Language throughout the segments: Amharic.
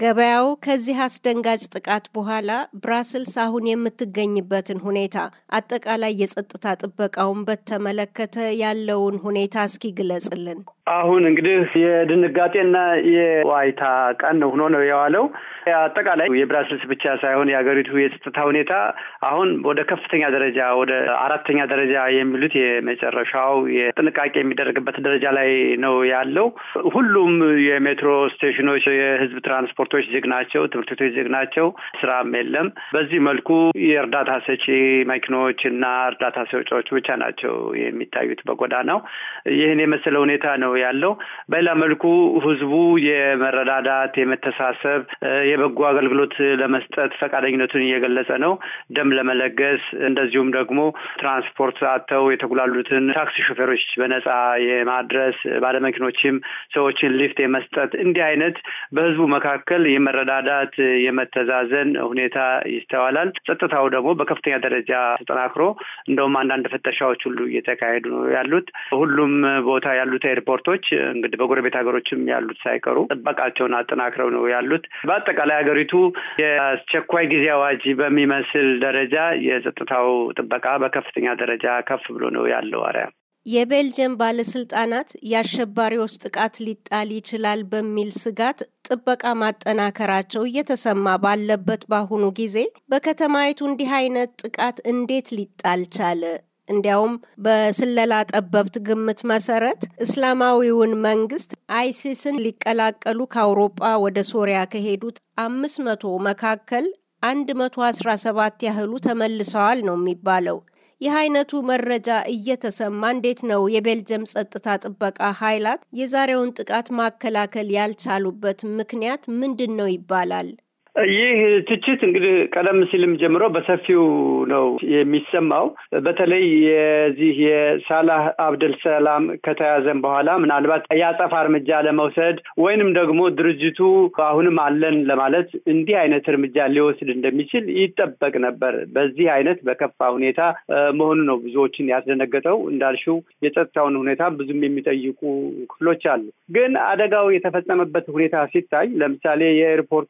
ገበያው ከዚህ አስደንጋጭ ጥቃት በኋላ ብራስልስ አሁን የምትገኝበትን ሁኔታ አጠቃላይ የጸጥታ ጥበቃውን በተመለከተ ያለውን ሁኔታ እስኪ ግለጽልን። አሁን እንግዲህ የድንጋጤና የዋይታ ቀን ሆኖ ነው የዋለው። አጠቃላይ የብራስልስ ብቻ ሳይሆን የሀገሪቱ የጸጥታ ሁኔታ አሁን ወደ ከፍተኛ ደረጃ ወደ አራተኛ ደረጃ የሚሉት የመጨረሻው የጥንቃቄ የሚደረግበት ደረጃ ላይ ነው ያለው። ሁሉም የሜትሮ ስቴሽኖች፣ የህዝብ ትራንስፖርቶች ዝግ ናቸው። ትምህርት ቤቶች ዝግ ናቸው። ስራም የለም። በዚህ መልኩ የእርዳታ ሰጪ መኪኖች እና እርዳታ ሰጪዎች ብቻ ናቸው የሚታዩት በጎዳናው። ይህን የመሰለ ሁኔታ ነው ያለው። በሌላ መልኩ ህዝቡ የመረዳዳት የመተሳሰብ፣ የበጎ አገልግሎት ለመስጠት ፈቃደኝነቱን እየገለጸ ነው። ደም ለመለገስ እንደዚሁም ደግሞ ትራንስፖርት አጥተው የተጉላሉትን ታክሲ ሾፌሮች በነጻ የማድረስ ባለመኪኖችም ሰዎችን ሊፍት የመስጠት እንዲህ አይነት በህዝቡ መካከል የመረዳዳት የመተዛዘን ሁኔታ ይስተዋላል። ጸጥታው ደግሞ በከፍተኛ ደረጃ ተጠናክሮ እንደውም አንዳንድ ፍተሻዎች ሁሉ እየተካሄዱ ነው ያሉት። ሁሉም ቦታ ያሉት ኤርፖርት መብቶች እንግዲህ በጎረቤት ሀገሮችም ያሉት ሳይቀሩ ጥበቃቸውን አጠናክረው ነው ያሉት። በአጠቃላይ ሀገሪቱ የአስቸኳይ ጊዜ አዋጅ በሚመስል ደረጃ የጸጥታው ጥበቃ በከፍተኛ ደረጃ ከፍ ብሎ ነው ያለው። አርያም የቤልጅየም ባለስልጣናት የአሸባሪዎች ጥቃት ሊጣል ይችላል በሚል ስጋት ጥበቃ ማጠናከራቸው እየተሰማ ባለበት በአሁኑ ጊዜ በከተማይቱ እንዲህ አይነት ጥቃት እንዴት ሊጣል ቻለ? እንዲያውም በስለላ ጠበብት ግምት መሰረት እስላማዊውን መንግስት አይሲስን ሊቀላቀሉ ከአውሮጳ ወደ ሶሪያ ከሄዱት አምስት መቶ መካከል አንድ መቶ አስራ ሰባት ያህሉ ተመልሰዋል ነው የሚባለው። ይህ አይነቱ መረጃ እየተሰማ እንዴት ነው የቤልጅየም ጸጥታ ጥበቃ ኃይላት የዛሬውን ጥቃት ማከላከል ያልቻሉበት ምክንያት ምንድን ነው ይባላል? ይህ ትችት እንግዲህ ቀደም ሲልም ጀምሮ በሰፊው ነው የሚሰማው። በተለይ የዚህ የሳላህ አብደል ሰላም ከተያዘን በኋላ ምናልባት የአጸፋ እርምጃ ለመውሰድ ወይንም ደግሞ ድርጅቱ አሁንም አለን ለማለት እንዲህ አይነት እርምጃ ሊወስድ እንደሚችል ይጠበቅ ነበር። በዚህ አይነት በከፋ ሁኔታ መሆኑ ነው ብዙዎችን ያስደነገጠው። እንዳልሽው የጸጥታውን ሁኔታ ብዙም የሚጠይቁ ክፍሎች አሉ። ግን አደጋው የተፈጸመበት ሁኔታ ሲታይ ለምሳሌ የኤርፖርቱ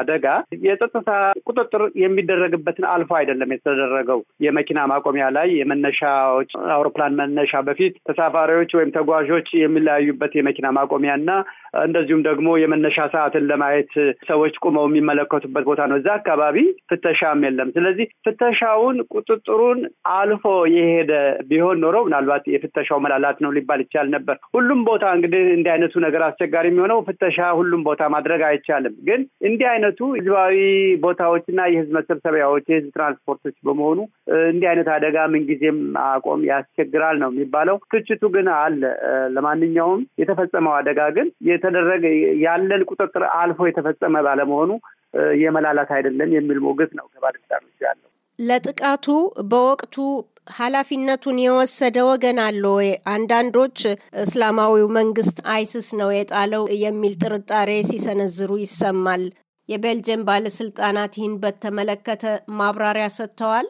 አደ ፍለጋ የጸጥታ ቁጥጥር የሚደረግበትን አልፎ አይደለም የተደረገው። የመኪና ማቆሚያ ላይ የመነሻዎች አውሮፕላን መነሻ በፊት ተሳፋሪዎች ወይም ተጓዦች የሚለያዩበት የመኪና ማቆሚያ እና እንደዚሁም ደግሞ የመነሻ ሰዓትን ለማየት ሰዎች ቁመው የሚመለከቱበት ቦታ ነው። እዛ አካባቢ ፍተሻም የለም። ስለዚህ ፍተሻውን ቁጥጥሩን አልፎ የሄደ ቢሆን ኖሮ ምናልባት የፍተሻው መላላት ነው ሊባል ይቻል ነበር። ሁሉም ቦታ እንግዲህ እንዲህ አይነቱ ነገር አስቸጋሪ የሚሆነው ፍተሻ ሁሉም ቦታ ማድረግ አይቻልም። ግን እንዲህ አይነቱ ብዙዎቹ ህዝባዊ ቦታዎችና የህዝብ መሰብሰቢያዎች፣ የህዝብ ትራንስፖርቶች በመሆኑ እንዲህ አይነት አደጋ ምንጊዜም አቆም ያስቸግራል ነው የሚባለው። ትችቱ ግን አለ። ለማንኛውም የተፈጸመው አደጋ ግን የተደረገ ያለን ቁጥጥር አልፎ የተፈጸመ ባለመሆኑ የመላላት አይደለም የሚል ሞገት ነው ከባለስልጣኖች ያለው። ለጥቃቱ በወቅቱ ኃላፊነቱን የወሰደ ወገን አለ ወይ? አንዳንዶች እስላማዊው መንግስት አይስስ ነው የጣለው የሚል ጥርጣሬ ሲሰነዝሩ ይሰማል። የቤልጅየም ባለስልጣናት ይህን በተመለከተ ማብራሪያ ሰጥተዋል።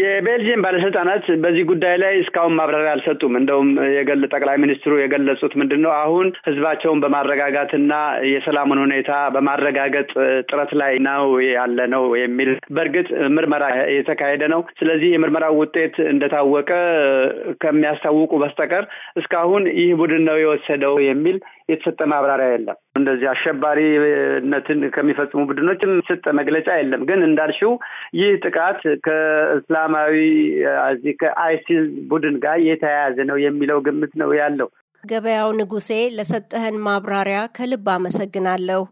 የቤልጅየም ባለስልጣናት በዚህ ጉዳይ ላይ እስካሁን ማብራሪያ አልሰጡም። እንደውም የገለ ጠቅላይ ሚኒስትሩ የገለጹት ምንድን ነው አሁን ህዝባቸውን በማረጋጋትና የሰላሙን ሁኔታ በማረጋገጥ ጥረት ላይ ነው ያለ ነው የሚል በእርግጥ ምርመራ የተካሄደ ነው። ስለዚህ የምርመራው ውጤት እንደታወቀ ከሚያስታውቁ በስተቀር እስካሁን ይህ ቡድን ነው የወሰደው የሚል የተሰጠ ማብራሪያ የለም። እንደዚህ አሸባሪነትን ከሚፈጽሙ ቡድኖችም የተሰጠ መግለጫ የለም። ግን እንዳልሽው ይህ ጥቃት ከእስላማዊ ከአይሲል ቡድን ጋር የተያያዘ ነው የሚለው ግምት ነው ያለው። ገበያው ንጉሴ፣ ለሰጠህን ማብራሪያ ከልብ አመሰግናለሁ።